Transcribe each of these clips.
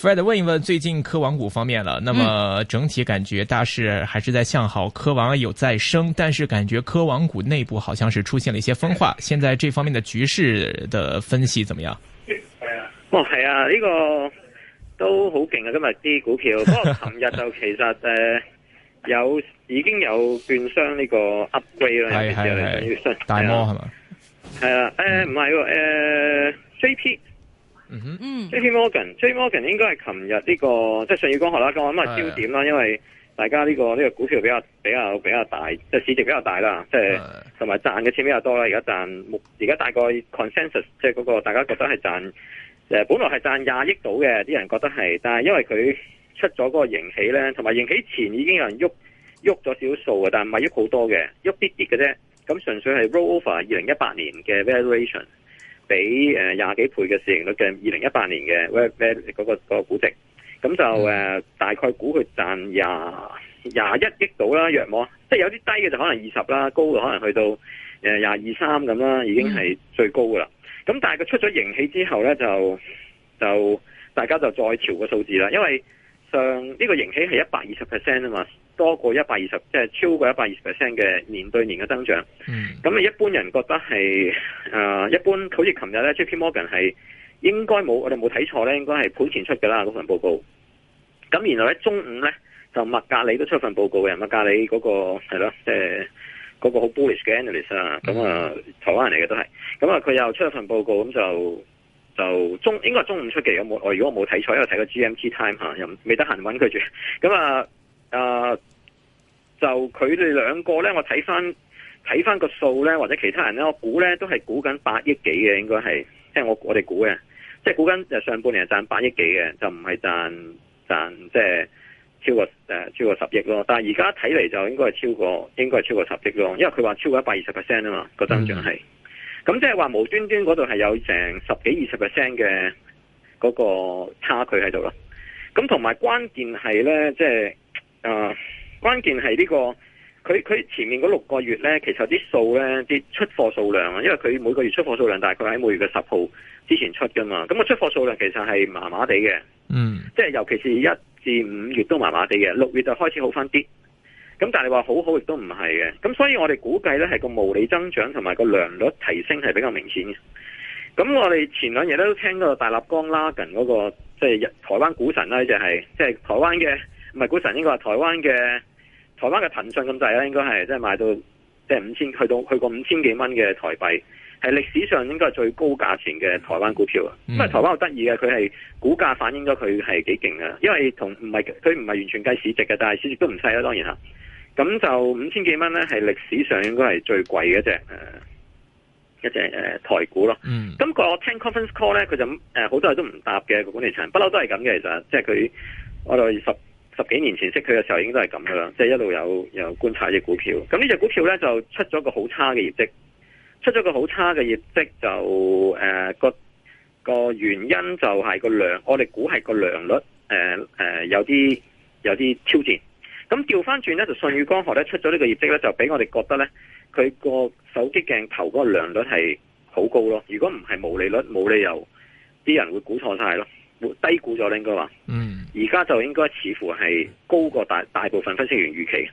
Fred 問一問最近科網股方面啦，那麼整體感覺大市還是在向好，嗯、科網有再升，但是感覺科網股內部好像是出現了一些分化，現在這方面的局勢的分析怎麼樣？係、哦、啊，哦、這、係、個、啊，呢個都好勁啊今日啲股票， 不過琴日就其實誒、呃、有已經有券商呢個 upgrade 啦，係係係，大摩係嘛？係啊，誒唔係喎，誒、 哎啊呃、JP。嗯哼、mm hmm. mm hmm.，JPMorgan，JPMorgan 應該係琴日呢個即係上月剛學啦，咁我諗係焦點啦，Yeah. 因為大家呢、這個呢、這個股票比較比較比較大，即係市值比較大啦，即係同埋賺嘅錢比較多啦。而家賺，而家大概 consensus 即係嗰個大家覺得係賺，誒、呃、本來係賺廿億到嘅，啲人覺得係，但係因為佢出咗嗰個盈喜咧，同埋盈喜前已經有人喐喐咗少數嘅，但係唔係喐好多嘅，喐啲跌嘅啫。咁純粹係 roll over 二零一八年嘅 valuation。比誒廿幾倍嘅市盈率嘅二零一八年嘅嗰個嗰個估值，咁就誒、嗯呃、大概估佢賺廿廿一億到啦，約莫，即係有啲低嘅就可能二十啦，高嘅可能去到誒廿二三咁啦，已經係最高噶啦。咁但係佢出咗盈喜之後咧，就就大家就再調個數字啦，因為。上呢個營期係一百二十 percent 啊嘛，多過一百二十，即係超過一百二十 percent 嘅年對年嘅增長。嗯，咁啊，一般人覺得係誒一般，好似琴日咧，JP Morgan 係應該冇我哋冇睇錯咧，應該係盤前出嘅啦嗰份報告。咁然後咧，中午咧就麥格里都出一份報告嘅，麥格里嗰、嗰個係咯，即係嗰、嗰個好 bullish 嘅 analyst、嗯、啊，咁啊台灣人嚟嘅都係，咁啊佢又出一份報告咁就。就中應該係中午出幾，有冇？我如果我冇睇錯，因為我睇過 GMT time 吓，又未得閒揾佢住。咁啊啊，就佢哋兩個咧，我睇翻睇翻個數咧，或者其他人咧，我估咧都係估緊八億幾嘅，應該係即係我我哋估嘅，即係估緊上半年係賺八億幾嘅，就唔係賺賺即係超過誒、呃、超過十億咯。但係而家睇嚟，就應該係超過，應該係超過十億咯。因為佢話超過一百二十 percent 啊嘛個增長係。咁即係話無端端嗰度係有成十幾二十 percent 嘅嗰個差距喺度咯。咁同埋關鍵係呢，即係呃，關鍵係呢個佢佢前面嗰六個月呢，其實啲數呢，啲出貨數量啊，因為佢每個月出貨數量大概喺每月嘅十號之前出噶嘛。咁個出貨數量其實係麻麻地嘅，嗯，即係尤其是一至五月都麻麻地嘅，六月就開始好翻啲。咁但係話好好亦都唔係嘅，咁所以我哋估計呢係個毛利增長同埋個良率提升係比較明顯嘅。咁我哋前兩日都聽到大立光拉近嗰個，即係台灣股神呢，就係即係台灣嘅唔係股神，應該話台灣嘅台灣嘅騰訊咁滯啦，應該係即係買到即係五千去到去過五千幾蚊嘅台幣，係歷史上應該係最高價錢嘅台灣股票啊！咁啊、嗯，因為台灣好得意嘅，佢係股價反映咗佢係幾勁啊！因為同唔係佢唔係完全計市值嘅，但係市值都唔細啦，當然啦。咁就五千幾蚊咧，係歷史上應該係最貴嘅一隻，誒、呃，一隻誒、呃、台股咯。咁、嗯、個聽 Conference Call 咧，佢就誒好、呃、多人都唔搭嘅個管理層，不嬲都係咁嘅，其實即係佢我哋十十幾年前識佢嘅時候，已經都係咁噶啦，即係一路有有觀察呢隻股票。咁呢隻股票咧就出咗個好差嘅業績，出咗個好差嘅業績就誒、呃、個個原因就係個量，我哋估係個良率，誒、呃、誒、呃、有啲有啲挑戰。咁調返轉咧，就舜宇光學咧出咗呢個業績咧，就俾我哋覺得咧，佢個手機鏡頭嗰個良率係好高咯。如果唔係冇利率，冇理由啲人會估錯晒咯，會低估咗咧應該話。嗯。而家就應該似乎係高過大大部分分析員預期。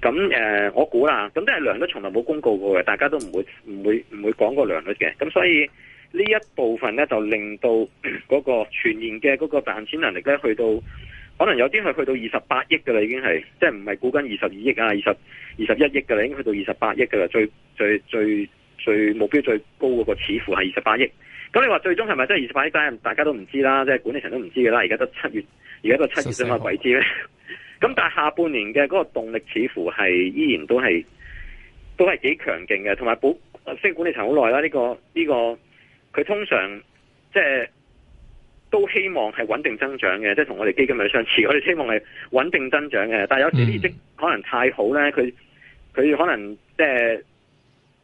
咁誒，我估啦，咁都係良率從來冇公告過嘅，大家都唔會唔會唔會講個良率嘅。咁所以呢一部分咧，就令到嗰個全年嘅嗰個賺錢能力咧，去到。可能有啲係去到二十八億嘅啦，已經係，即係唔係估緊二十二億啊，二十二十一億嘅啦，已經去到二十八億嘅啦，最最最最目標最高嗰個似乎係二十八億。咁你話最終係咪真係二十八億？但大家都唔知啦，即係管理層都唔知嘅啦。而家得七月，而家得七月啫嘛，鬼知咧。咁但係下半年嘅嗰個動力似乎係依然都係都係幾強勁嘅。同埋保誒，雖管理層好耐啦，呢個呢個佢通常即係。都希望係穩定增長嘅，即係同我哋基金係相似。我哋希望係穩定增長嘅，但係有時啲績可能太好呢，佢佢可能即係、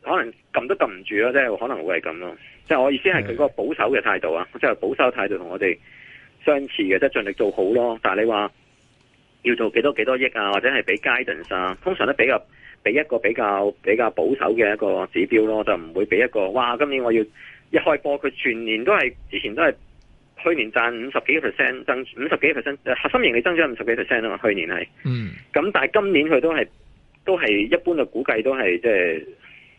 呃、可能撳都撳唔住咯，即係可能會係咁咯。即、就、係、是、我意思係佢個保守嘅態度啊的，即係保守態度同我哋相似嘅，即係盡力做好咯。但係你話要做幾多幾多億啊？或者係畀 guidance 啊？通常都比較俾一個比較比較保守嘅一個指標咯，就唔會俾一個哇。今年我要一開波，佢全年都係之前都係。去年賺五十幾個 percent 增五十幾 percent，核心盈利增長五十幾個 percent 啊嘛，去年係。嗯。咁但係今年佢都係都係一般嘅估計、就是，都係即係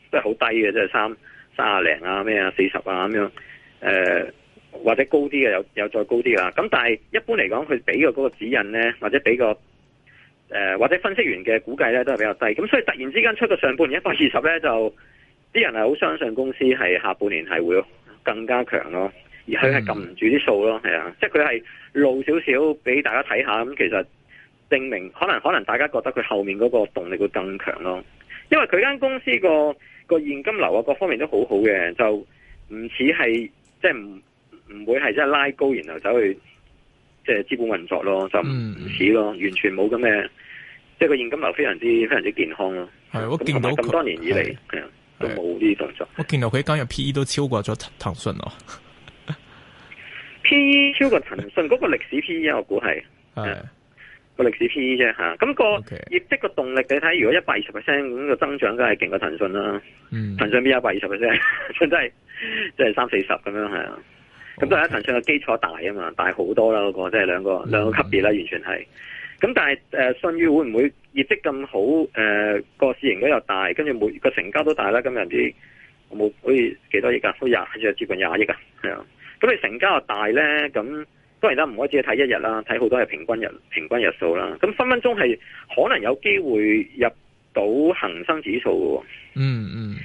都係好低嘅，即係三三十零啊，咩啊，四十啊咁樣。誒，或者高啲嘅有有再高啲噶啦。咁但係一般嚟講，佢俾嘅嗰個指引咧，或者俾個誒或者分析員嘅估計咧，都係比較低。咁所以突然之間出到上半年一百二十咧，就啲人係好相信公司係下半年係會更加強咯。而佢係撳唔住啲數咯，係、嗯、啊，即係佢係露少少俾大家睇下，咁其實證明可能可能大家覺得佢後面嗰個動力會更強咯，因為佢間公司個個、嗯、現金流啊各方面都好好嘅，就唔似係即係唔唔會係即係拉高，然後走去即係資本運作咯，就唔似咯，嗯、完全冇咁嘅，即係個現金流非常之非常之健康咯。係我見到咁多年以嚟都冇呢啲動作。我見到佢間入 P E 都超過咗騰訊咯。P E 超過騰訊嗰個歷史 P E 啊，我估係，個歷的史 P E 啫吓。咁個業績個動力，Okay. 你睇如果一百二十 percent 咁個增長梗係勁過騰訊啦。騰訊邊一百二十 percent，真係即係三四十咁樣係啊。咁 Okay. 但係騰訊嘅基礎大啊嘛，大好多啦嗰、那個，即係兩個兩、嗯、個級別啦，完全係。咁但係誒、呃、舜宇會唔會業績咁好？誒、呃、個市盈率又大，跟住每個成交都大啦。今日啲冇可幾多億啊？開廿好似接近廿億啊？係啊。咁你成交又大呢，咁當然啦，唔可以只係睇一日啦，睇好多日平均日平均日數啦。咁分分鐘係可能有機會入到恒生指數嘅、嗯。嗯嗯，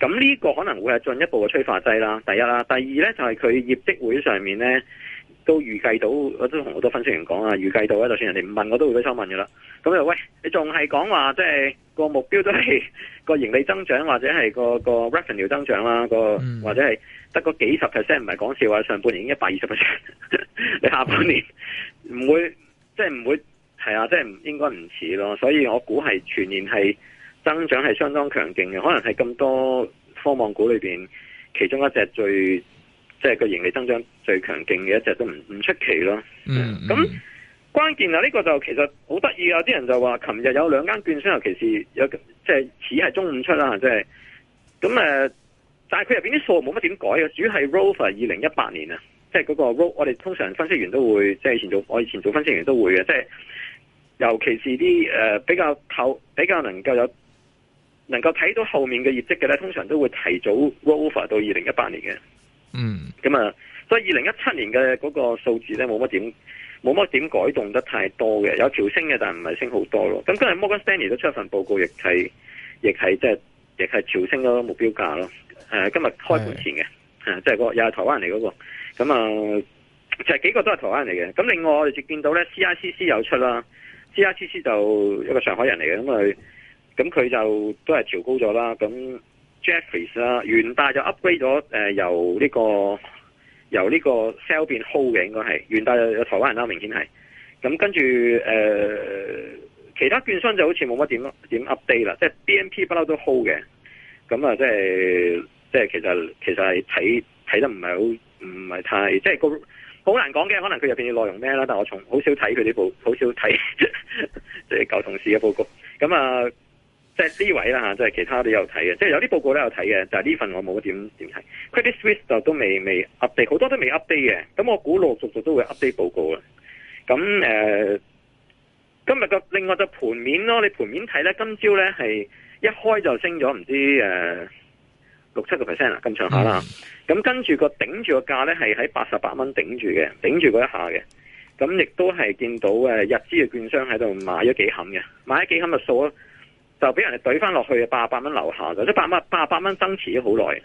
咁呢個可能會係進一步嘅催化劑啦。第一啦，第二呢，就係、是、佢業績會上面呢。都預計到，我都同好多分析員講啊，預計到咧，就算人哋唔問，我都會俾收問噶啦。咁又喂，你仲係講話即係個目標都係個盈利增長或者係個個 revenue 增長啦，個或者係得個幾十 percent 唔係講笑話。上半年已經一百二十 percent，你下半年唔會即係唔會係啊，即係應該唔似咯。所以我估係全年係增長係相當強勁嘅，可能係咁多科網股裏面其中一隻最。即係個盈利增長最強勁嘅一隻都唔唔出奇咯。Mm hmm. 嗯，咁關鍵啊！呢、這個就其實好得意啊！啲人就話，琴日有兩間券商，尤其是有即係、就是、似係中午出啦即係咁誒。但係佢入邊啲數冇乜點改啊。主要係 Rover 二零一八年啊，即係嗰個 R。o 我哋通常分析員都會，即、就、係、是、以前做我以前做分析員都會嘅，即、就、係、是、尤其是啲誒比較透，比較能夠有能夠睇到後面嘅業績嘅咧，通常都會提早 Rover 到二零一八年嘅。嗯，咁啊，所以二零一七年嘅嗰個數字咧，冇乜點，冇乜點改動得太多嘅，有調升嘅，但唔係升好多咯。咁今日摩根 Stanley 都出一份報告，亦係亦係即係亦係調升咗目標價咯。誒、啊，今日開盤前嘅，即係個又係台灣人嚟嗰個，咁啊，就係、是那個啊就是、幾個都係台灣人嚟嘅。咁另外我哋就見到咧，CICC 有出啦，CICC 就一個上海人嚟嘅，咁佢，咁佢就都係調高咗啦，咁。Jeffries 啦，元大就 upgrade 咗、呃，由呢、這個由呢個 sell 變 hold 嘅應該係元大有台灣人啦、啊，明顯係。咁、嗯、跟住誒、呃、其他券商就好似冇乜點 update 啦，即係 BNP 不嬲都 hold 嘅。咁、嗯、啊，即係即係其實其實係睇睇得唔係好唔係太即係好難講嘅，可能佢入面嘅內容咩啦。但係我從好少睇佢呢部，好少睇啲 舊同事嘅報告。咁、嗯、啊。嗯即係呢位啦嚇，即係其他都有睇嘅，即係有啲報告都有睇嘅，但係呢份我冇點點睇。Credit Suisse 就都未未 update，好多都未 update 嘅。咁我估陸陸續續都會 update 報告啦。咁誒、呃，今日個另外就盤面咯，你盤面睇咧，今朝咧係一開就升咗唔知誒六七個 percent 啦，咁、呃啊、上下啦。咁 跟住個頂住個價咧，係喺八十八蚊頂住嘅，頂住嗰一下嘅。咁亦都係見到誒日資嘅券商喺度買咗幾冚嘅，買咗幾冚嘅數咯。就俾人哋懟翻落去八百蚊樓下嘅，即係八百蚊八百蚊增持咗好耐，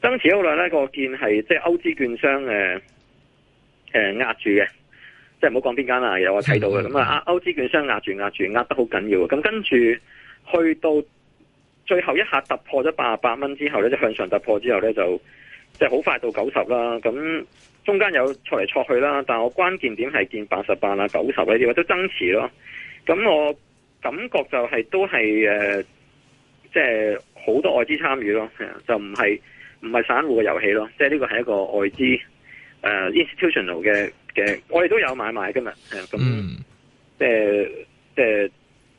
增持咗好耐咧，個見係即係歐資券商，誒誒壓住嘅，即係唔好講邊間啦，有我睇到嘅，咁啊歐資券商壓住壓住壓得好緊要，咁跟住去到最後一下突破咗八百蚊之後咧，即向上突破之後咧就即係好快到九十啦，咁中間有錯嚟錯去啦，但係我關鍵點係見八十八啊九十呢啲或者增持咯，咁我。感覺就係、是、都係誒、呃，即係好多外資參與咯，就唔係唔係散戶嘅遊戲咯，即係呢個係一個外資誒、呃、institutional 嘅嘅，我哋都有買賣噶嘛，誒咁、嗯，即係即係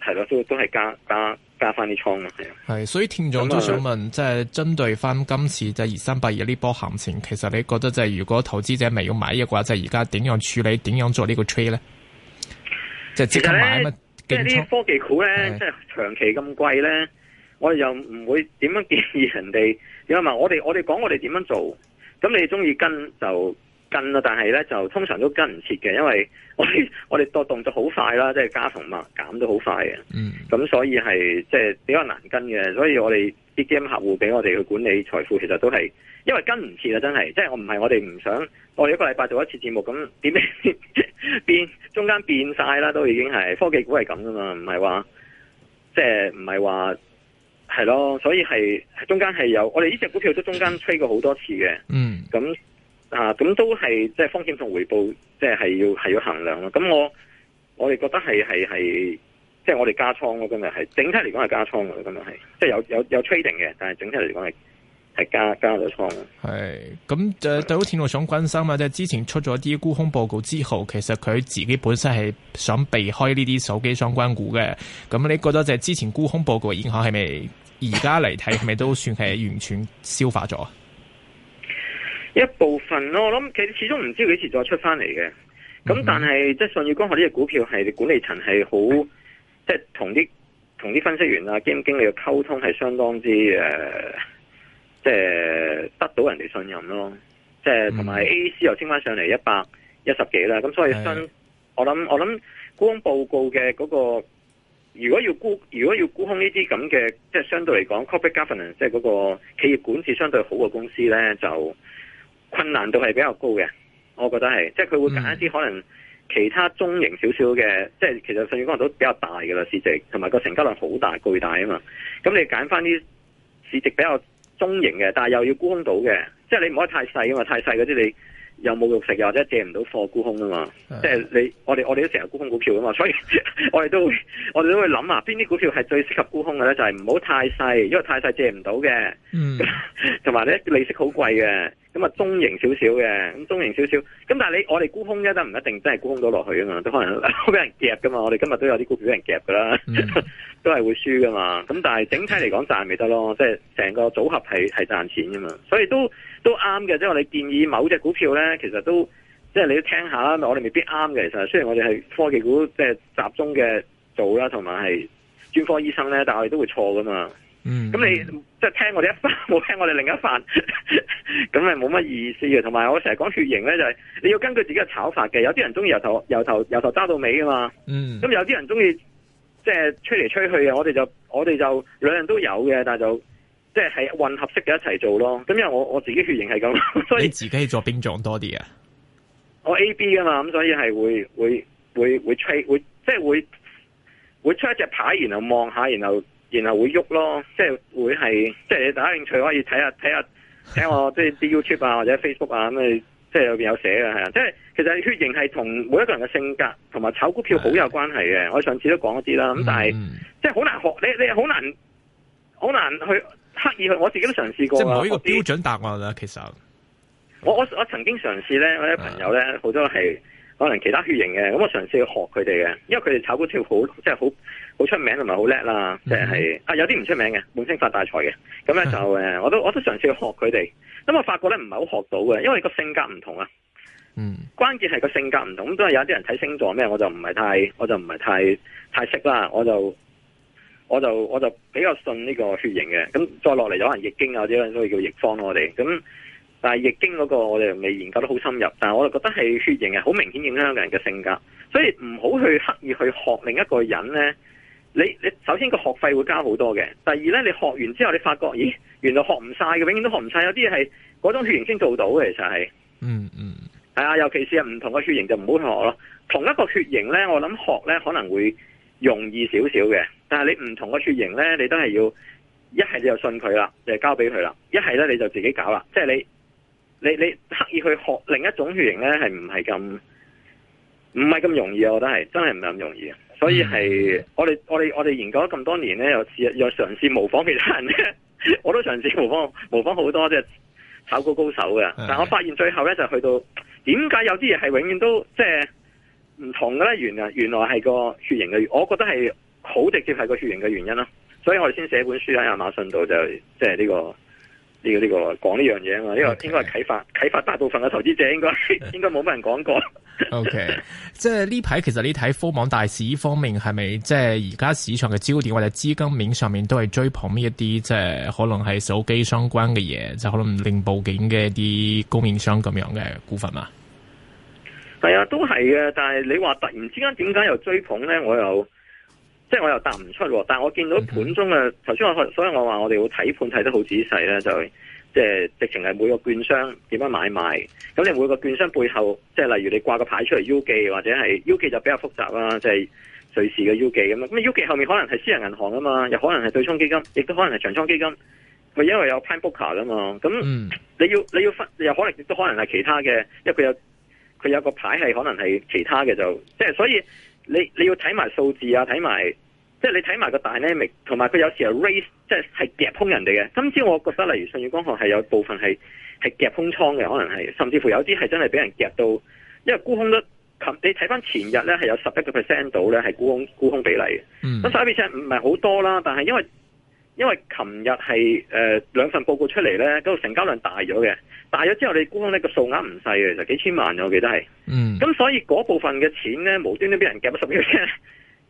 係咯，都都係加加加翻啲倉啊，係，所以聽眾都想問，即係針對翻今次就係二三八二呢波行情，其實你覺得就係、是、如果投資者未要買嘅話，即係而家點樣處理，點樣做個呢個 trade 咧？即係即刻買乜？即係啲科技股咧，即係長期咁貴咧，是的 我哋又唔會點樣建議人哋。有埋我哋，我哋講我哋點樣做，咁你中意跟就。跟啦，但係咧就通常都跟唔切嘅，因為我哋我哋動動作好快啦，即係加同埋減都好快嘅。嗯，咁所以係即係比較難跟嘅。所以我哋 BGM 客戶俾我哋去管理財富，其實都係因為跟唔切啊，真係。即係我唔係我哋唔想我哋一個禮拜做一次節目，咁點變變變中間變晒啦，都已經係科技股係咁噶嘛，唔係話即係唔係話係咯。所以係中間係有我哋呢隻股票都中間吹過好多次嘅。嗯，咁，嗯。啊，咁都係即係風險同回報，即係係要係要衡量咯。咁我我哋覺得係係係，即係、就是、我哋加倉咯。今日係整體嚟講係加倉嘅，今日係即係有有有 trading 嘅，但係整體嚟講係係加加咗倉。係咁，對對好天路想關心啊，即、就、係、是、之前出咗啲沽空報告之後，其實佢自己本身係想避開呢啲手機相關股嘅。咁你覺得就係之前沽空報告嘅影響係咪而家嚟睇係咪都算係完全消化咗啊？一部分咯，我諗佢始終唔知幾時再出翻嚟嘅。咁但係、mm hmm. 即係舜宇光學呢隻股票係管理層係好，即係同啲同啲分析員啊、基金經理嘅溝通係相當之誒、呃，即係得到人哋信任咯。即係同埋 A C 又升翻上嚟一百一十幾啦。咁、mm hmm. 所以相、mm hmm. 我諗我諗沽空報告嘅嗰、那個，如果要沽如果要沽空呢啲咁嘅，即係相對嚟講 corporate governance，即係嗰個企業管治相對好嘅公司咧，就。困難度係比較高嘅，我覺得係，即係佢會揀一啲可能其他中型少少嘅，即係、嗯、其實信譽規模都比較大嘅啦，市值同埋個成交量好大巨大啊嘛。咁你揀翻啲市值比較中型嘅，但係又要沽空到嘅，即係你唔可以太細啊嘛，太細嗰啲你又冇肉食又或者借唔到貨沽空啊嘛。即係的你我哋我哋都成日沽空股票噶嘛，所以我哋都會 我哋都會諗啊，邊啲股票係最適合沽空嘅咧？就係唔好太細，因為太細借唔到嘅，嗯，同埋咧利息好貴嘅。咁啊，中型少少嘅，咁中型少少，咁但係你我哋沽空一都唔一定真係沽空到落去啊嘛，都可能俾人夾噶嘛，我哋今日都有啲股票俾人夾噶啦，mm hmm. 都係會輸噶嘛。咁但係整體嚟講賺咪得咯，即係成個組合係係賺錢噶嘛。所以都都啱嘅，即係我哋建議某隻股票咧，其實都即係你都聽下，我哋未必啱嘅。其實雖然我哋係科技股即係集中嘅做啦，同埋係專科醫生咧，但係我哋都會錯噶嘛。嗯，咁你即係、就是、聽我哋一番冇聽我哋另一番，咁咪冇乜意思嘅。同埋我成日講血型咧，就係、是、你要根據自己嘅炒法嘅。有啲人中意由頭由頭由頭揸到尾噶嘛，嗯。咁有啲人中意即係吹嚟吹去，我哋就我哋就兩樣都有嘅，但係就即係係混合式嘅一齊做咯。咁因為我我自己血型係咁，所以你自己要做邊種多啲啊？我 A B 噶嘛，咁所以係會會會會吹會即係、就是、會會出一隻牌，然後望下，然後。然後會喐咯，即係會係，即係你大家興趣可以睇下睇下睇我啲啲 YouTube 啊或者 Facebook 啊，咁你即係裏面有寫嘅係啊，即係其實血型係同每一個人嘅性格同埋炒股票好有關係嘅，的我上次都講咗啲啦。咁但係、嗯、即係好難學，你你好難好難去刻意去，我自己都嘗試過。即係冇呢個標準答案啦，其實。我我我曾經嘗試咧，我啲朋友咧好多係的可能其他血型嘅，咁我嘗試去學佢哋嘅，因為佢哋炒股票好即係好。好出名同埋好叻啦，即係、就是嗯、啊有啲唔出名嘅，滿星發大財嘅，咁咧就誒、嗯，我都我都嘗試去學佢哋，咁我發覺咧唔係好學到嘅，因為性、嗯、個性格唔同啊。嗯，關鍵係個性格唔同，咁都係有啲人睇星座咩，我就唔係太，我就唔係太太識啦，我就我就我就比較信呢個血型嘅，咁再落嚟有可能易經啊，之類所以叫易方我哋咁，但係易經嗰個我哋未研究得好深入，但係我就覺得係血型係好明顯影響一個人嘅性格，所以唔好去刻意去學另一個人咧。你你首先個學費會交好多嘅，第二呢，你學完之後你發覺，咦，原來學唔晒嘅，永遠都學唔晒，有啲嘢係嗰種血型先做到嘅，其實係、嗯，嗯嗯，係啊，尤其是唔同嘅血型就唔好去學咯，同一個血型呢，我諗學呢可能會容易少少嘅，但係你唔同嘅血型呢，你都係要，一係你就信佢啦，就交俾佢啦，一係呢你就自己搞啦，即係你你你刻意去學另一種血型呢，係唔係咁，唔係咁容易，我覺得係真係唔係咁容易啊。所以係我哋我哋我哋研究咗咁多年咧，又試又嘗試模仿其他人咧， 我都嘗試模仿模仿好多即係炒股高手嘅。但我發現最後咧就去到點解有啲嘢係永遠都即係唔同嘅咧？原啊，原來係個血型嘅，我覺得係好直接係個血型嘅原因囉。所以我哋先寫本書喺亞馬遜度就即係呢個。呢、這個呢、這個講呢樣嘢啊嘛，呢、這個應該係啟發 Okay. 啟發大部分嘅投資者，應該 應該冇乜人講過。O Okay . K， 即係呢排其實你睇科網大市方面係咪即係而家市場嘅焦點或者資金面上面都係追捧呢一啲即係可能係手機相關嘅嘢，就可能令報警嘅一啲供應商咁樣嘅股份嘛？係啊，都係嘅，但係你話突然之間點解又追捧咧？我又。即係我又答唔出喎，但我見到盤中嘅頭先，我所以我話我哋會睇盤睇得好仔細咧，就即係直情係每個券商點樣買賣。咁你每個券商背後，即係例如你掛個牌出嚟 U 記，或者係 U 記就比較複雜啦，即係瑞士嘅 U 記咁啊。咁 U 記後面可能係私人銀行啊嘛，又可能係對沖基金，亦都可能係長倉基金，咪因為有 Prime Booker 噶嘛。咁你要、嗯、你要分，又可能亦都可能係其他嘅，因為佢有佢有個牌係可能係其他嘅，就即係所以。你你要睇埋數字啊，睇埋即係你睇埋個 dynamic，同埋佢有時係 raise，即係係夾空人哋嘅。今朝我覺得，例如舜宇光學係有部分係係夾空倉嘅，可能係甚至乎有啲係真係俾人夾到，因為沽空率，你睇翻前日咧係有十一個 percent 度咧係沽空沽空比例嘅。咁十一 percent 唔係好多啦，但係因為。因為琴日係誒兩份報告出嚟呢，嗰、嗰個成交量大咗嘅，大咗之後你沽空呢個數額唔細嘅，其實幾千萬我記得係，咁、嗯、所以嗰部分嘅錢呢，無端端俾人夾咗十秒先，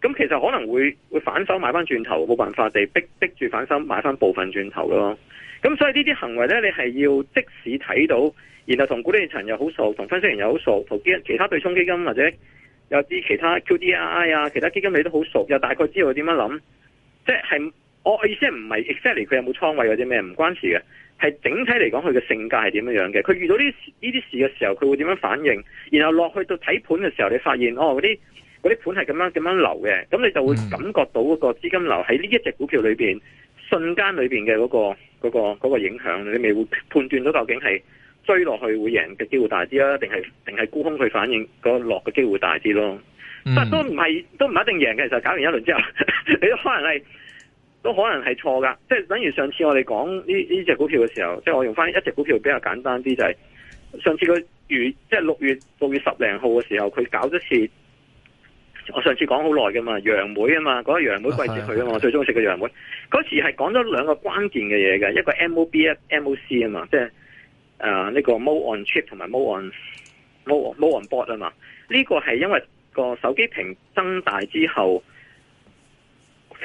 咁 其實可能會會反手買翻轉頭，冇辦法地逼逼住反手買翻部分轉頭咯，咁所以呢啲行為呢，你係要即使睇到，然後同管理層又好熟，同分析員又好熟，同基其他對沖基金或者有啲其他 QDII 啊，其他基金你都好熟，又大概知道佢點樣諗，即係。我、哦、意思係唔係 exactly 佢有冇倉位有啲咩唔關事嘅，係整體嚟講佢嘅性格係點樣樣嘅。佢遇到呢啲呢啲事嘅時候，佢會點樣反應？然後落去到睇盤嘅時候，你發現哦，嗰啲嗰啲盤係咁樣咁樣流嘅，咁你就會感覺到嗰個資金流喺呢一隻股票裏邊瞬間裏邊嘅嗰個、嗰個、嗰個影響，你咪會判斷到究竟係追落去會贏嘅機會大啲啊，定係定係沽空佢反應個落嘅機會大啲咯？但都唔係都唔一定贏嘅，其實搞完一輪之後， 你都可能係。都可能係錯噶，即係等於上次我哋講呢呢隻股票嘅時候，即係我用翻一隻股票比較簡單啲，就係、是、上次佢如即係六月六月十零號嘅時候，佢搞咗次。我上次講好耐噶嘛，楊梅啊嘛，嗰、那個楊梅季節去啊嘛，啊我最中意食嘅楊梅。嗰時係講咗兩個關鍵嘅嘢嘅，一個 M O B 一 M O C 啊嘛，即係誒呢個 MO on chip 同埋 MO on MO on board 啊嘛。呢、這個係因為個手機屏增大之後。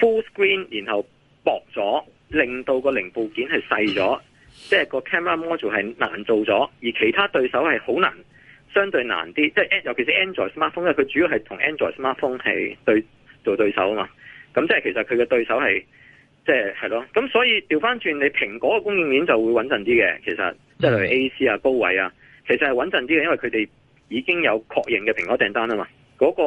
Full screen，然後薄咗，令到個零部件係細咗， 即係個 camera module 係難做咗，而其他對手係好難，相對難啲。即係尤其是 Android smartphone 咧，因為佢主要係同 Android smartphone 係對做對手啊嘛。咁即係其實佢嘅對手係即係係咯。咁所以調翻轉，你蘋果嘅供應鏈就會穩陣啲嘅。其實即係例如 AC 啊、高位啊，其實係穩陣啲嘅，因為佢哋已經有確認嘅蘋果訂單啊嘛。嗰個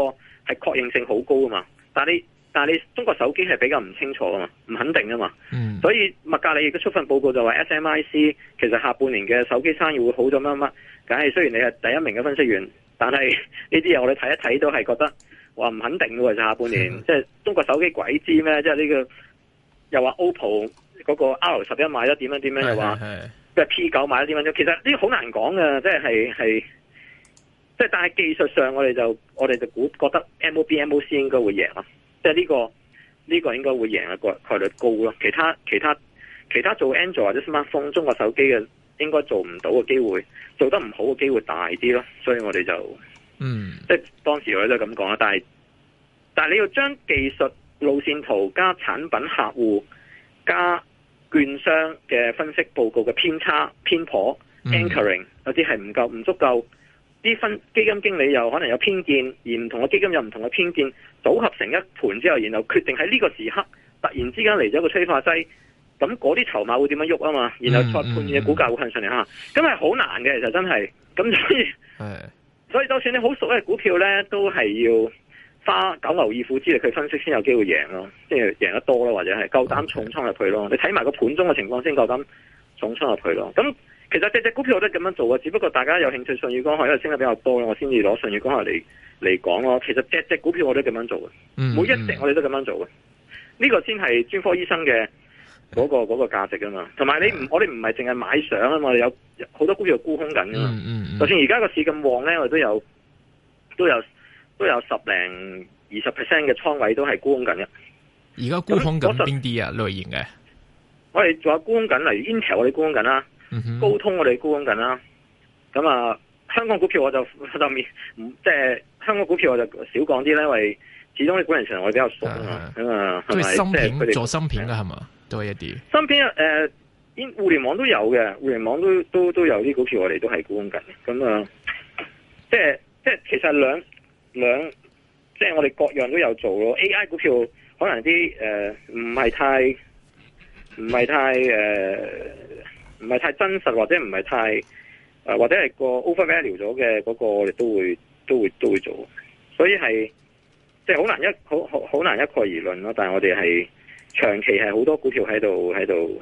係確認性好高啊嘛。但係你。但係你中國手機係比較唔清楚啊嘛，唔肯定啊嘛，嗯、所以麥格利亦都出份報告就話 S M I C 其實下半年嘅手機生意會好咗乜乜，梗係雖然你係第一名嘅分析員，但係呢啲嘢，我哋睇一睇都係覺得話唔肯定嘅喎，就下半年是的即係中國手機鬼知咩？即係呢、這個又話 OPPO 嗰個 R 十一賣得點樣點樣的，又話即係 P 九賣得點樣咁，其實呢啲好難講嘅，即係係係即係但係技術上我哋就我哋就估覺得 M O B M O C 應該會贏咯。即係呢個呢個應該會贏嘅概概率高咯，其他其他其他做 Android 或者 smartphone 中國手機嘅應該做唔到嘅機會，做得唔好嘅機會大啲咯，所以我哋就嗯，即係當時我哋都咁講啦，但係但係你要將技術路線圖加產品客戶加券商嘅分析報告嘅偏差偏頗、嗯、anchoring 有啲係唔夠唔足夠。啲分基金經理又可能有偏見，而唔同嘅基金又有唔同嘅偏見，組合成一盤之後，然後決定喺呢個時刻突然之間嚟咗個催化劑，咁嗰啲籌碼會點樣喐啊嘛？然後再判斷嘅股價會向上嚟吓，咁係好難嘅，其實真係。咁所以，是的 所以就算你好熟嘅股票呢，都係要花九牛二虎之力去分析，先有機會贏咯。即係贏得多咯，或者係夠膽重倉入去咯。Okay 你睇埋個盤中嘅情況先夠膽重倉入去咯。咁其實隻隻股票我都係咁樣做嘅，只不過大家有興趣舜宇光學，因為升得比較多咯，我先至攞舜宇光學嚟嚟講咯。其實隻隻股票我都咁樣做嘅，每一隻我哋都咁樣做嘅。呢、這個先係專科醫生嘅嗰、那個嗰、那個價值啊嘛。同埋你唔是的，我哋唔係淨係買升啊嘛，有好多股票沽空緊噶嘛。就算而家個市咁旺咧，我哋都有都有都有十零二十 percent 嘅倉位都係沽空緊嘅。而家沽空緊邊啲啊類型嘅？我哋做下沽空緊，例如 Intel，我哋沽空緊啦。嗯、高通我哋沽緊啦，咁啊香港股票我就就即、是、係香港股票我就少講啲咧，因為始終啲管理層我比較熟啊，咁啊，即係芯片做芯片噶係嘛，都係一啲芯片誒，互聯網都有嘅，互聯網都都都有啲股票我哋都係沽緊，咁啊，即係即係其實兩兩即係我哋各樣都有做咯，A I 股票可能啲誒唔係太唔係 太誒。呃唔係太真實，或者唔係太，誒、呃、或者係個 overvalue 咗嘅嗰個，我哋都會都會都會做，所以係即係好難一好好好難一概而論咯。但係我哋係長期係好多股票喺度喺度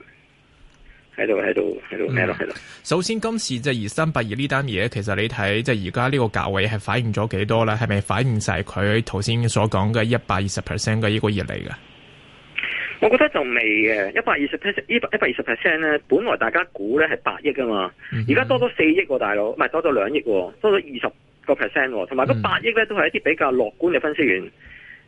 喺度喺度喺度咩咯？係咯。在在在首先，今次即係二三八二呢單嘢，其實你睇即係而家呢個價位係反映咗幾多咧？係咪反映晒佢頭先所講嘅一百二十 percent 嘅一個熱嚟嘅？我覺得仲未嘅，一百二十 percent，一百二十 percent 咧，本來大家估咧係八億噶嘛，而家、mm hmm. 多咗四億喎，大佬，唔係多咗兩億，多咗二十個 percent，同埋個八億咧都係一啲比較樂觀嘅分析員，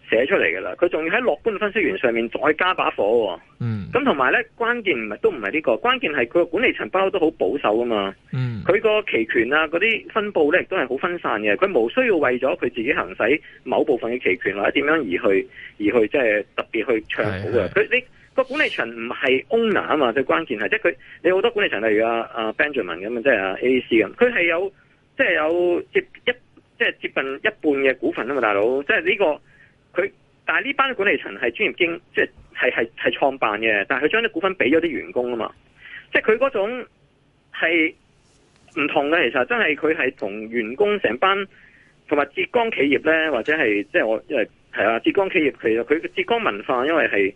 寫出嚟嘅啦，佢仲要喺樂觀分析員上面再加把火、啊。嗯，咁同埋咧，關鍵唔係都唔係呢個，關鍵係佢個管理層包都好保守啊嘛。嗯，佢個期權啊，嗰啲分佈咧亦都係好分散嘅。佢冇需要為咗佢自己行使某部分嘅期權或者點樣而去，而去即係特別去唱好嘅。佢、嗯、你個管理層唔係 owner 啊嘛，最關鍵係即係佢你有好多管理層，例如阿阿 Benjamin 咁啊 ben，即係阿 A. C. 咁，佢係有即係有接一即係接近一半嘅股份啊嘛，大佬，即係呢個。佢但係呢班管理層係專業經，即係係係係創辦嘅，但係佢將啲股份俾咗啲員工啊嘛，即係佢嗰種係唔同嘅，其實真係佢係同員工成班同埋浙江企業呢，或者係即係我誒係啊，浙江企業其實佢浙江文化，因為係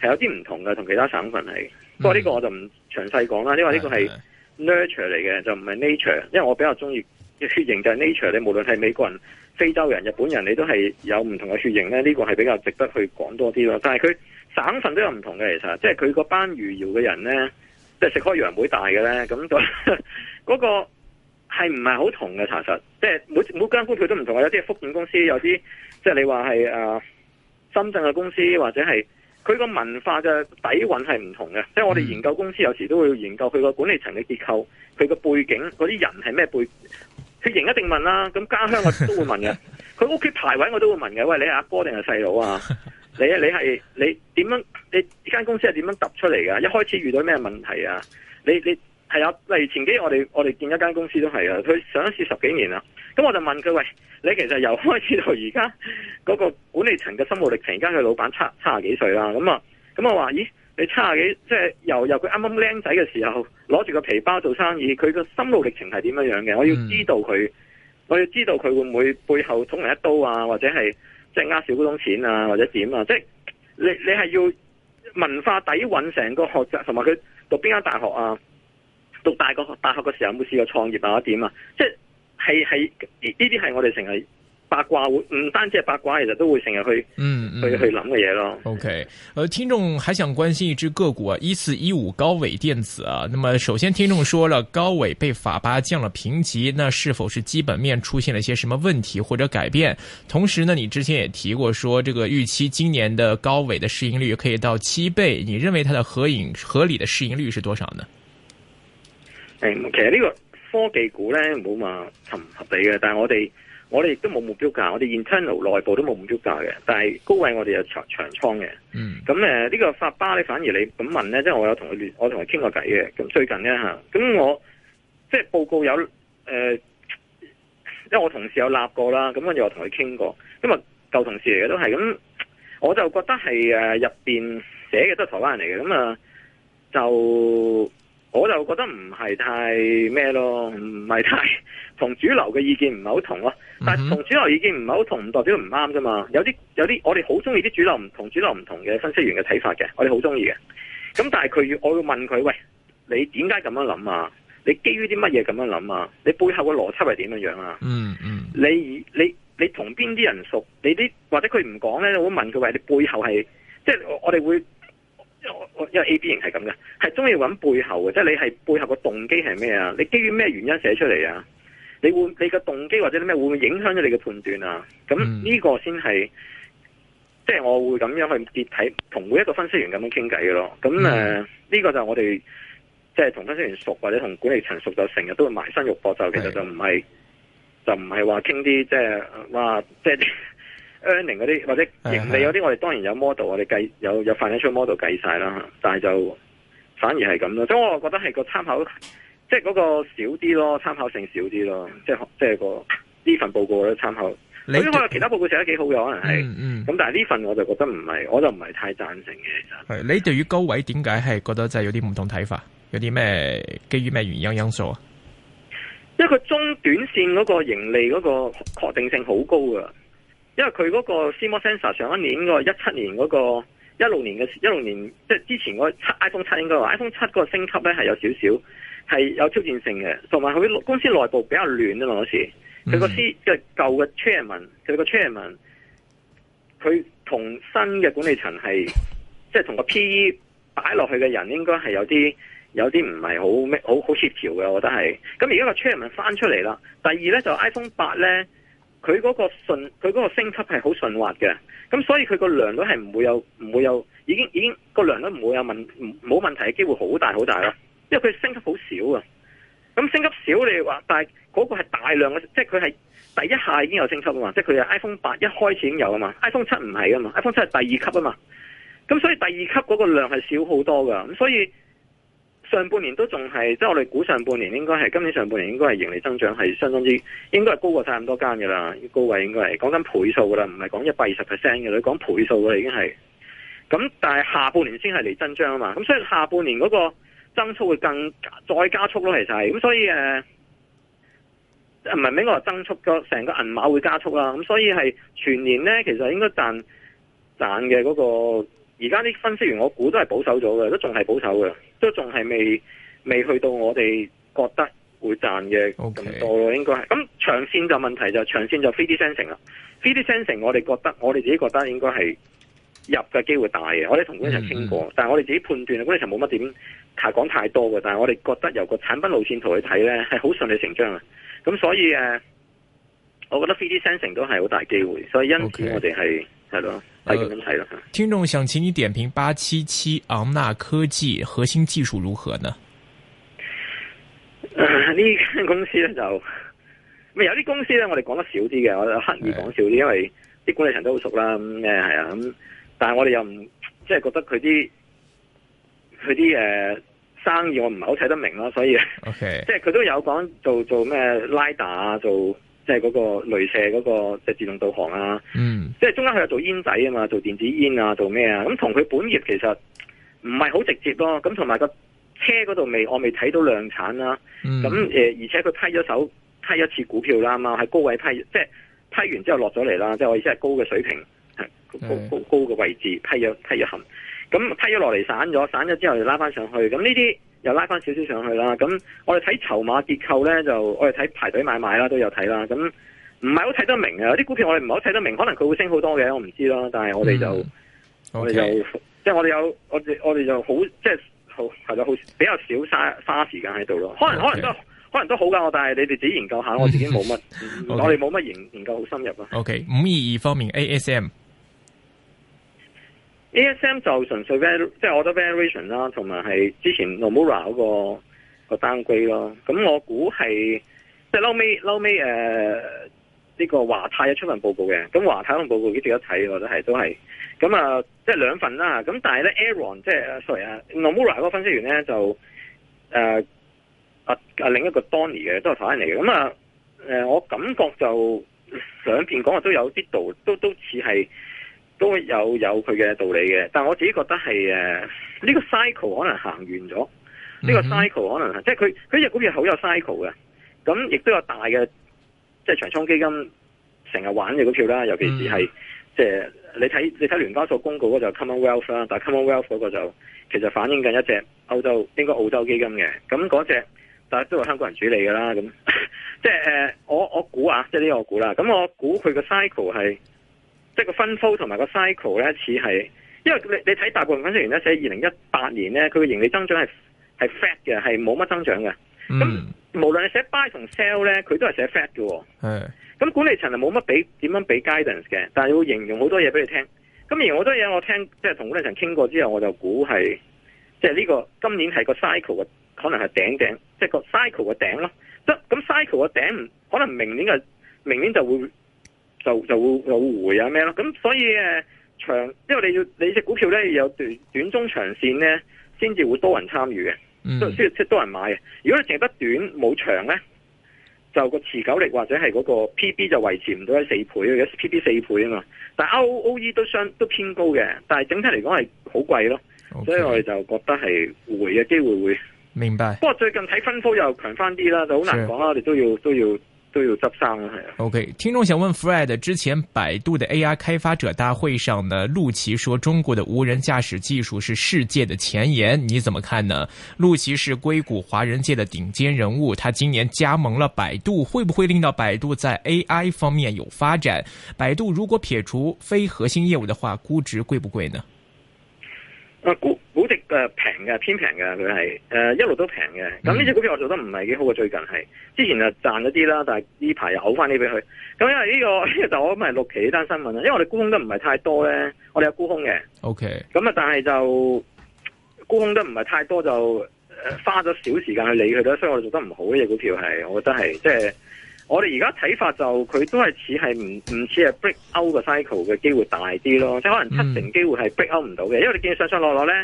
係有啲唔同嘅，同其他省份係，不過呢個我就唔詳細講啦，嗯、因為呢個係。是是是 Nurture 嚟嘅就唔係 Nature，因為我比較中意嘅血型就係、是、Nature 你無論係美國人、非洲人、日本人，你都係有唔同嘅血型咧，呢、這個係比較值得去講多啲咯。但係佢省份都有唔同嘅，其實即係佢個班餘姚嘅人咧，即係食開楊梅大嘅咧，咁、那個嗰、那個係唔係好同嘅查實，即係每每間公司都唔同嘅，有啲係福建公司，有啲即係你話係誒深圳嘅公司或者係。佢個文化嘅底蘊係唔同嘅，即係我哋研究公司有時都會研究佢個管理層嘅結構，佢個、嗯、背景，佢啲人係咩背景？血型一定問啦、啊，咁家鄉我都會問嘅，佢屋企排位我都會問嘅。喂，你係阿哥定係細佬啊？你你係你點樣？你呢間公司係點樣揼出嚟噶？一開始遇到咩問題啊？你你。係啊，例如前幾日我哋我哋見一間公司都係啊，佢上市十幾年啦，咁我就問佢：喂，你其實由開始到而家嗰個管理層嘅心路歷程，而家佢老闆七七十幾歲啦，咁啊，咁我話：咦，你七十幾，即係由由佢啱啱僆仔嘅時候攞住個皮包做生意，佢個心路歷程係點樣樣嘅？我要知道佢，我要知道佢會唔會背後捅人一刀啊，或者係即係呃小股東錢啊，或者點啊？即係你你係要文化底蘊成個學者，同埋佢讀邊間大學啊？讀大個大學嘅時候，有冇試過創業或者點啊？即係係呢啲係我哋成日八卦，會唔單止係八卦，其實都會成日去、嗯嗯、去去諗嘅嘢咯。OK，誒、呃，聽眾還想關心一支個股啊，一四一五高偉電子啊。那麼首先，聽眾說了高偉被法巴降了評級，那是否是基本面出現了一些什麼問題或者改變？同時呢，你之前也提過說，這個預期今年的高偉的市盈率可以到七倍，你認為它的合盈合理的市盈率是多少呢？嗯、其實呢個科技股咧冇話尋唔合理嘅，但係我哋我哋亦都冇目標價，我哋 internal 內部都冇目標價嘅，但係高位我哋有長長倉嘅。嗯，咁誒、嗯這個、呢個發巴咧反而你咁問咧，即、就、係、是、我有同佢我同佢傾過偈嘅。咁最近咧吓，咁我即係、就是、報告有誒、呃，因為我同事有立過啦，咁跟住我同佢傾過，因為舊同事嚟嘅都係咁，我就覺得係誒入邊寫嘅都係台灣人嚟嘅，咁啊就。我就覺得唔係太咩咯，唔係太，太同主流嘅意見唔係好同咯，但係同主流意見唔係好同，唔代表唔啱啫嘛。有啲有啲我哋好中意啲主流唔同主流唔同嘅分析員嘅睇法嘅，我哋好中意嘅。咁但係佢我要問佢喂，你點解咁樣諗啊？你基於啲乜嘢咁樣諗啊？你背後嘅邏輯係點樣呀？啊、嗯？嗯嗯，你你你同邊啲人熟？你啲或者佢唔講咧，我會問佢喂，你背後係即係我哋會。因為 A B 型係咁嘅，係中意揾背後嘅，即係你係背後個動機係咩啊？你基於咩原因寫出嚟啊？你會你嘅動機或者啲咩會唔會影響咗你嘅判斷啊？咁呢個先係，即係、嗯、我會咁樣去結睇，同每一個分析員咁樣傾偈嘅咯。咁誒，呢、嗯嗯、個就係我哋即係同分析員熟或者同管理層熟，就成日都會埋身肉搏，就其實就唔係就唔係話傾啲即係話即。就是 earning 嗰啲或者盈利嗰啲，的我哋當然有, model, 我們計有,有 model 我哋計有有 financial model 計晒啦，但係就反而係咁咯，所以我覺得係個參考，即係嗰個少啲咯，參考性少啲咯，即係即係個呢份報告都參考。我覺得其他報告寫得幾好嘅，可能係，咁、嗯嗯、但係呢份我就覺得唔係，我就唔係太贊成嘅。其實係你對於高位點解係覺得即係有啲唔同睇法，有啲咩基於咩原因因素啊？因為佢中短線嗰個盈利嗰個確定性好高㗎！因為佢嗰個 CMOS Sensor 上一年個一七年嗰個一六年嘅一六年，即係之前個七 iPhone 七應該，iPhone 七嗰個升級咧，係有少少係有挑戰性嘅，同埋佢公司內部比較亂啊，嗰時佢個司即係舊嘅 Chairman，佢個 Chairman 佢同新嘅管理層係即係同個 PE 擺落去嘅人應該，應該係有啲有啲唔係好咩好好協調嘅，我覺得係。咁而家個 Chairman 翻出嚟啦。第二咧就 iPhone 八咧。佢嗰個順，佢嗰個升級係好順滑嘅，咁所以佢個量都係唔會有，唔會有，已經已經個量都唔會有問，冇問題嘅機會好大好大咯。因為佢升級好少啊，咁升級少你話，但係嗰個係大量嘅，即係佢係第一下已經有升級啊嘛，即係佢係 iPhone 八一開始已經有啊嘛，iPhone 七唔係啊嘛，iPhone 七係第二級啊嘛，咁所以第二級嗰個量係少好多㗎，咁所以。上半年都仲係，即係我哋估上半年應該係今年上半年應該係盈利增長係相當之，應該係高過晒咁多間噶啦，高位應該係講緊倍數噶啦，唔係講一百二十 percent 嘅，你講倍數嘅已經係，咁但係下半年先係嚟增長啊嘛，咁所以下半年嗰個增速會更加再加速咯，呃，其實係，咁所以誒，唔係美應該話增速個成個銀碼會加速啦，咁所以係全年咧其實應該賺賺嘅嗰個。而家啲分析員我估都係保守咗嘅，都仲係保守嘅，都仲係未未去到我哋覺得會賺嘅咁多咯，Okay. 應該係。咁長，就是，長線就問題就長線就 3D sensing 啦，3D sensing 我哋覺得，我哋自己覺得應該係入嘅機會大嘅。我哋同管理層傾過，mm hmm. 但係我哋自己判斷，管理層冇乜點太講太多嘅。但係我哋覺得由個產品路線圖去睇咧，係好順理成章啊。咁所以誒。呃我覺得飛天新城都係好大機會，所以因此我哋係係咯，大家咁睇咯。聽眾想請你點評八七七昂納科技核心技術如何呢？呢、呃、間公司咧就咪、呃、有啲公司咧，我哋講得少啲嘅，我就刻意講少啲，的因為啲管理層都好熟啦。咁誒係啊，咁但係我哋又唔即係覺得佢啲佢啲誒生意我唔係好睇得明咯，所以 o Okay . k 即係佢都有講做做咩拉打做。即係嗰個鐳射嗰個即係自動導航啊，嗯，即係中間佢有做煙仔啊嘛，做電子煙啊，做咩啊？咁同佢本業其實唔係好直接咯、啊。咁同埋個車嗰度未，我未睇到量產啦、啊。咁誒、嗯，而且佢批咗手，批一次股票啦嘛，喺高位批，即係批完之後落咗嚟啦。即係我意思係高嘅水平，高高高嘅位置批咗批咗含，咁批咗落嚟散咗，散咗之後就拉翻上去。咁呢啲。又拉翻少少上去啦，咁我哋睇籌碼結構咧，就我哋睇排隊買賣啦，都有睇啦。咁唔係好睇得明啊！啲股票我哋唔係好睇得明，可能佢會升好多嘅，我唔知啦。但係我哋就、嗯、我哋就 okay. 即係我哋有我哋我哋就好，即係好好比較少嘥花時間喺度咯。可能 Okay. 可能都可能都好㗎，但係你哋自己研究下， 我自己冇乜，Okay. 我哋冇乜研研究好深入啊。OK，五二二方面，ASM。AS A.S.M 就純粹變，即係我覺得 variation 啦，同埋係之前 Nomura 嗰、那個那個單據囉。咁我估係即係 low l m a y 後尾後尾誒呢個華泰嘅出份報告嘅。咁華泰嗰份報告幾值一睇，我覺得係都係。咁啊，即、呃、係、就是、兩份啦。咁但係呢 Aaron，即、就、係、是、sorry 啊，Nomura 嗰個分析員呢，就誒、呃、啊另一個 Donny 嘅，都係台灣嚟嘅。咁啊、呃、我感覺就兩邊講話都有啲度，都都似係。都有有佢嘅道理嘅，但係我自己覺得係呢、呢個 cycle 可能行完咗，呢、嗯、哼個 cycle 可能即係佢佢啲股票好有 cycle 嘅，咁亦都有大嘅即係長倉基金成日玩嘅股票啦，尤其是係、嗯、即係你睇你睇聯交所公告嗰就 Commonwealth 啦，但 Commonwealth 嗰個就其實反映緊一隻歐洲應該澳洲基金嘅，咁嗰隻但係都係香港人管理嘅啦，咁即係我我估啊，即係呢個估啦，咁我估佢個 cycle 係。即係個分 f 同埋個 cycle 咧，似係，因為你你睇大部分分析員咧，寫二零一八年咧，佢嘅盈利增長係係 flat 嘅，係冇乜增長嘅。咁、嗯、無論你寫 buy 同 sell 咧，佢都係寫 flat 嘅。係咁的管理層就冇乜俾點樣俾 guidance 嘅，但係會形容好多嘢俾你聽。咁而好多嘢我聽即係同管理層傾過之後，我就估係即係呢個今年係個 cycle 嘅可能係頂頂，即係個 cycle 嘅頂咯。得咁 cycle 嘅頂可能明年嘅明年就會。就就會有回啊咩咯，咁所以誒、呃、長，因為你要你隻股票咧有短短中長線咧，先至會多人參與嘅，即即、嗯、多人買嘅。如果你淨係得短冇長咧，就個持久力或者係嗰個 P B 就維持唔到喺四倍啊，P B 四倍啊嘛。但 R O E 都相都偏高嘅，但係整體嚟講係好貴咯，Okay 所以我哋就覺得係回嘅機會會。明白。不過最近睇分科又強翻啲啦，就好難講啦，Sure 我哋都要都要。都要都要執生 O K，聽眾想問 Fred，之前百度的 A I 開發者大會上呢，陸奇說中國的無人駕駛技術是世界的前沿，你怎麼看呢？陸奇是硅谷華人界的頂尖人物，他今年加盟了百度，會不會令到百度在 A I 方面有發展？百度如果撇除非核心業務的話，估值貴不貴呢？那估。估值平嘅，偏平嘅，佢係誒一路都平嘅，咁呢隻股票我做得唔係幾好嘅，最近係之前就賺咗啲啦，但係呢排又嘔翻啲俾佢。咁因為呢、這個這個就我諗係六期呢單新聞啦，因為我哋沽空得唔係太多咧，啊、我哋有沽空嘅。O K. 咁啊，但係就沽空得唔係太多，就花咗少時間去理佢啦，所以我哋做得唔好呢隻股票係，我覺得係即係我哋而家睇法就佢都係似係唔唔似係 break out 嘅 cycle 嘅機會大啲咯，即係可能七成機會係 break out 唔到嘅，嗯、因為你見上上落落咧。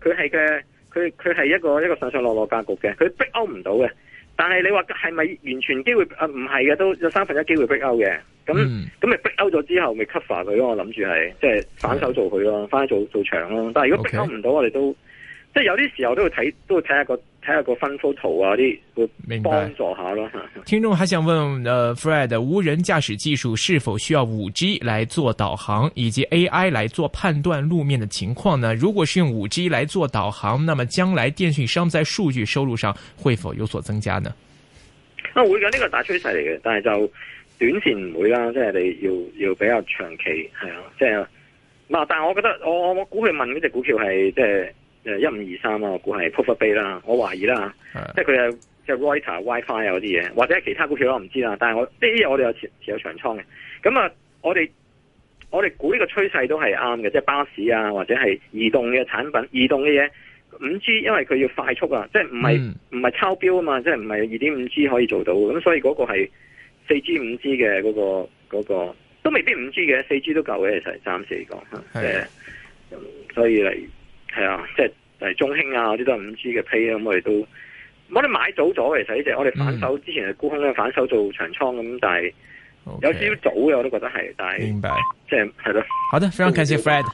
佢係嘅，佢佢係一個一個上上落落格局嘅，佢逼勾唔到嘅。但係你話係咪完全機會啊？唔係嘅，都有三分一機會逼勾嘅。咁咁咪逼勾咗之後，咪 cover 佢咯？我諗住係即係反手做佢咯，翻的去做做場咯。但係如果逼勾唔到，Okay. 我哋都。即係有啲時候都會睇，都會睇下個睇下個分幅圖啊啲，會幫助下咯。聽眾還想問，誒、 uh,，Fred，無人駕駛技術是否需要五 G 來做導航，以及 AI 來做判斷路面嘅情況呢？如果是用五 G 來做導航，那麼將來電訊商在數據收入上會否有所增加呢？啊，會嘅，呢、這個大趨勢嚟嘅，但係就短線唔會啦，即、就、係、是、你要要比較長期係啊，即係，嗱，但係我覺得我我我估佢問呢隻股票係即係。就是誒，一五二三啊，我估係 profit bay 啦，我懷疑啦的即係佢係即係 writer、WiFi 啊嗰啲嘢，或者其他股票啦，唔知啦。但係我即係呢啲我哋有持有，有長倉嘅。咁啊，我哋我哋估呢個趨勢都係啱嘅，即係巴士啊，或者係移動嘅產品、移動嘅嘢，五 G 因為佢要快速啊，即係唔係唔係超標啊嘛，即係唔係二點五 G 可以做到嘅，咁所以嗰個係四 G，G、嗰個、五 G 嘅嗰個個都未必五 G 嘅，四 G 都夠嘅，其實三四講吓。係咁的、嗯、所以嚟。.係啊，即係中興啊，嗰啲都係五 G 嘅批，咁我哋都我哋買早咗，其實呢隻我哋反手之前係沽空咧，反手做長倉咁，但係有少少早嘅，我都覺得係，但係明白，即係係咯。白嗯、好的，非常感謝 Fred。